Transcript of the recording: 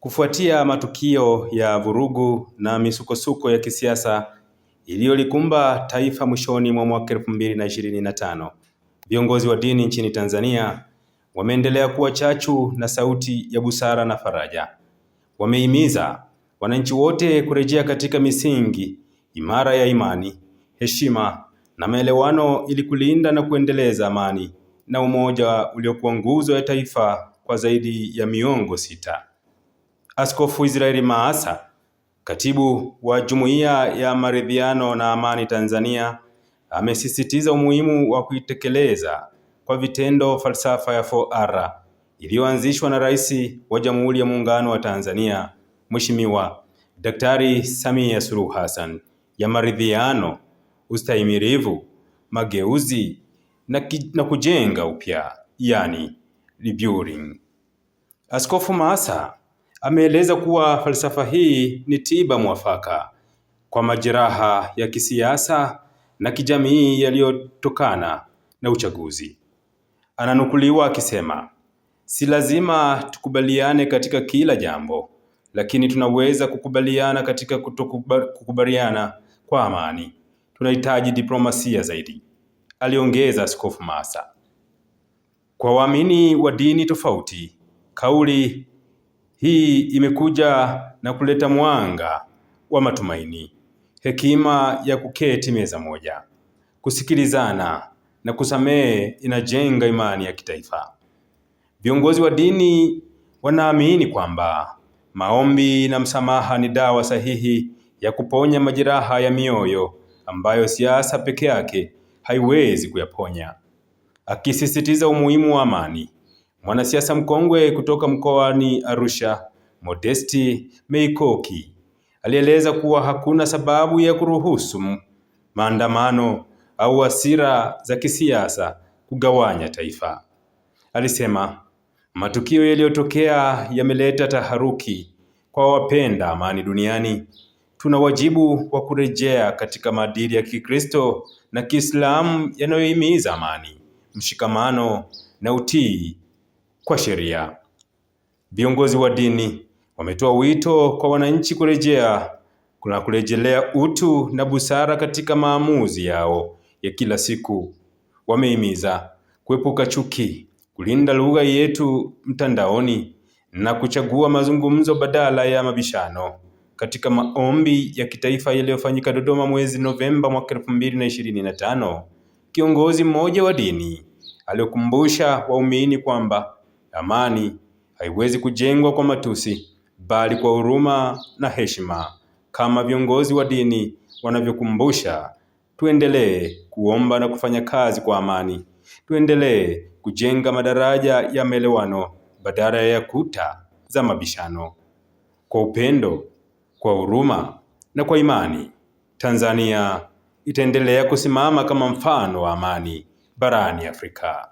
Kufuatia matukio ya vurugu na misukosuko ya kisiasa iliyolikumba taifa mwishoni mwa mwaka elfu mbili na ishirini na tano, viongozi wa dini nchini Tanzania wameendelea kuwa chachu na sauti ya busara na faraja. Wamehimiza wananchi wote kurejea katika misingi imara ya imani, heshima na maelewano ili kulinda na kuendeleza amani na umoja uliokuwa nguzo ya taifa kwa zaidi ya miongo sita. Askofu Israeli Maasa, katibu wa Jumuiya ya Maridhiano na Amani Tanzania, amesisitiza umuhimu wa kuitekeleza kwa vitendo falsafa ya 4R iliyoanzishwa na Rais wa Jamhuri ya Muungano wa Tanzania Mheshimiwa Daktari Samia Suluhu Hassan ya maridhiano, ustahimilivu, mageuzi na, ki, na kujenga upya, yani rebuilding. Askofu Maasa ameeleza kuwa falsafa hii ni tiba mwafaka kwa majeraha ya kisiasa na kijamii yaliyotokana na uchaguzi. Ananukuliwa akisema, si lazima tukubaliane katika kila jambo, lakini tunaweza kukubaliana katika kutokukubaliana kwa amani. Tunahitaji diplomasia zaidi, aliongeza Askofu Masa. Kwa waamini wa dini tofauti, kauli hii imekuja na kuleta mwanga wa matumaini, hekima ya kuketi meza moja, kusikilizana na kusamehe. Inajenga imani ya kitaifa. Viongozi wa dini wanaamini kwamba maombi na msamaha ni dawa sahihi ya kuponya majeraha ya mioyo ambayo siasa peke yake haiwezi kuyaponya, akisisitiza umuhimu wa amani Mwanasiasa mkongwe kutoka mkoani Arusha, Modesti Meikoki, alieleza kuwa hakuna sababu ya kuruhusu maandamano au hasira za kisiasa kugawanya taifa. Alisema matukio yaliyotokea yameleta taharuki kwa wapenda amani duniani. Tuna wajibu wa kurejea katika maadili ya Kikristo na Kiislamu yanayohimiza amani, mshikamano na utii kwa sheria. Viongozi wa dini wametoa wito kwa wananchi kurejea kuna kurejelea utu na busara katika maamuzi yao ya kila siku. Wamehimiza kuepuka chuki, kulinda lugha yetu mtandaoni na kuchagua mazungumzo badala ya mabishano. Katika maombi ya kitaifa yaliyofanyika Dodoma mwezi Novemba mwaka elfu mbili na ishirini na tano, kiongozi mmoja wa dini aliokumbusha waumini kwamba Amani haiwezi kujengwa kwa matusi, bali kwa huruma na heshima, kama viongozi wa dini wanavyokumbusha. Tuendelee kuomba na kufanya kazi kwa amani. Tuendelee kujenga madaraja ya maelewano badala ya kuta za mabishano. Kwa upendo, kwa huruma na kwa imani, Tanzania itaendelea kusimama kama mfano wa amani barani Afrika.